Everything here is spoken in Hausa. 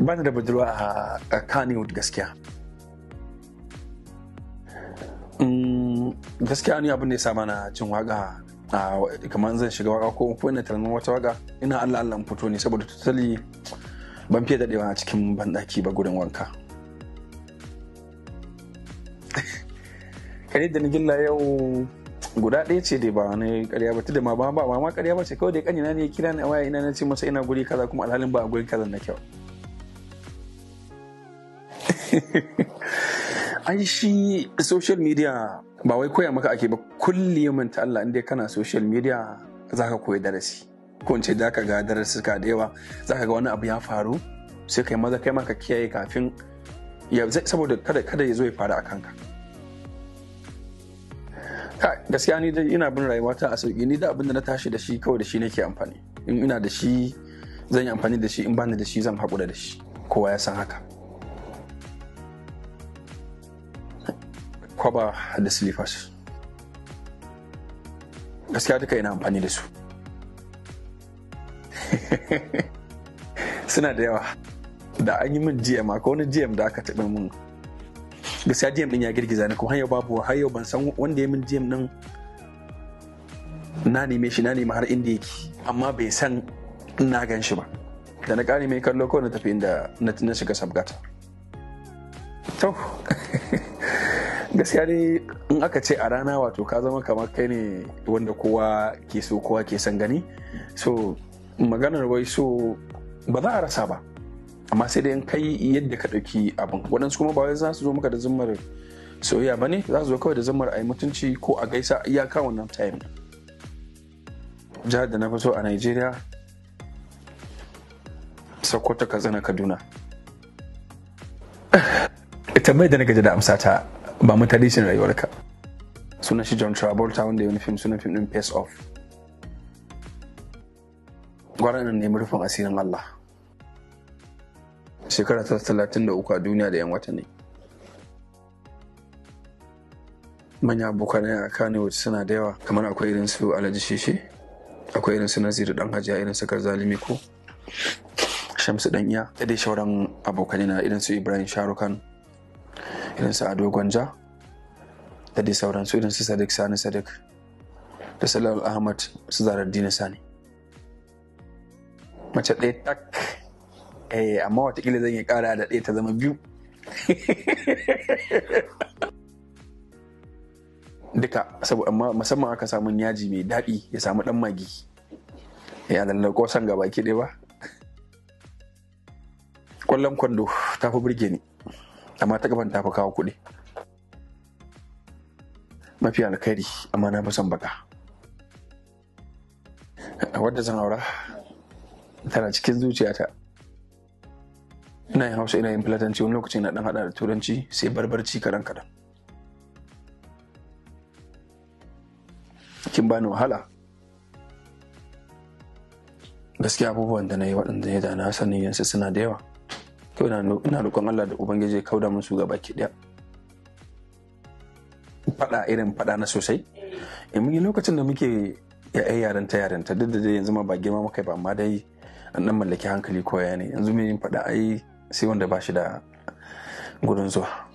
bani da budurwa a kannywood gaskiya mm, gaskiya wani abin da ya sa mana jin waka kamar zan shiga waka ko ko ina tunanin wata waka ina Allah Allah fito ne saboda tutali ban fiye dadewa a cikin banɗaki ba gudun wanka kare da nigilla yau guda ɗaya ce dai ba wani ƙarya ba da ma ba ba ma ƙarya ba ce kawai dai kanina ne kira ni a waya ina na ce masa ina guri kaza kuma alhalin ba a guri kaza na kyau ai shi social media ba wai koya maka ake ba kulli ta Allah inda kana social media zaka koyi darasi ko in ce zaka ga darasi da yawa zaka ga wani abu ya faru sai kai maza kai maka kiyaye kafin saboda kada ya zo ya faru a kanka gaskiya ni dai ina bin rayuwa ta a sauki ni da abin da na tashi da shi kawai da shi nake amfani in ina da shi zan yi amfani da shi in bani da shi zan haƙura da shi kowa ya san haka kwaba da slippers gaskiya duka ina amfani da su suna da yawa da an yi min gm akwai wani gm da aka taɓa min gaskiya dm din ya girgiza ni kuma yau babu har ban san wanda ya min dm din na neme shi na neme har inda yake amma bai san na gan shi ba da na kare mai kallo kawai na tafi inda na shiga sabgata to gaskiya ne in aka ce a rana wato ka zama kamar kai ne wanda kowa ke so kowa ke san gani so maganar wai so ba za a rasa ba amma sai da yan kai yadda ka ɗauki abin waɗansu kuma ba wai za su zo maka da zummar soyayya ba ne za su zo kawai da zummar a yi mutunci ko a gaisa iyaka wannan time jihar da na fi so a nigeria sokoto katsina kaduna eh, tambayar da na gaji da amsa ta ba mu tarihin rayuwarka sunan shi john travolta wanda ya wani fim suna fim din face off gwaran nemi rufin asirin allah shekara ta talatin da uku a duniya da 'yan watanni manya abokanai a kano suna da yawa kamar akwai irin su alhaji sheshe akwai irin su naziru dan hajiya irin su karza ko shamsu dan iya da dai shauran abokanai na irin su ibrahim sharukan irin su ado gwanja da dai su irin su sadiq sani sadiq da salal ahmad su zarar dina sani mace ɗaya tak eh amma watakila zan yi kara da ɗaya ta zama biyu duka saboda musamman aka samu yaji mai daɗi ya samu ɗan magi ya lallar kosan gaba ki ba ƙwallon kwando ta fi burge ni amma ta gaban ta fi kawo kuɗi mafi alkhairi amma na fi son baka wadda zan aura tana cikin zuciyata ina yin hausa ina yin filatanci wani lokaci na dan hada da turanci sai barbarci kadan kadan kin bani wahala gaskiya abubuwan da na yi waɗanda ya dana na sanin yansu suna da yawa kyau ina roƙon Allah da ubangiji kauda musu gaba ki ɗaya faɗa irin faɗa na sosai in mun yi lokacin da muke yayan ta yaranta duk da yanzu ma ba girma muka ba amma dai an dan mallaki hankali koya ne yanzu mun yi faɗa ai sai wanda ba shi da gudun zuwa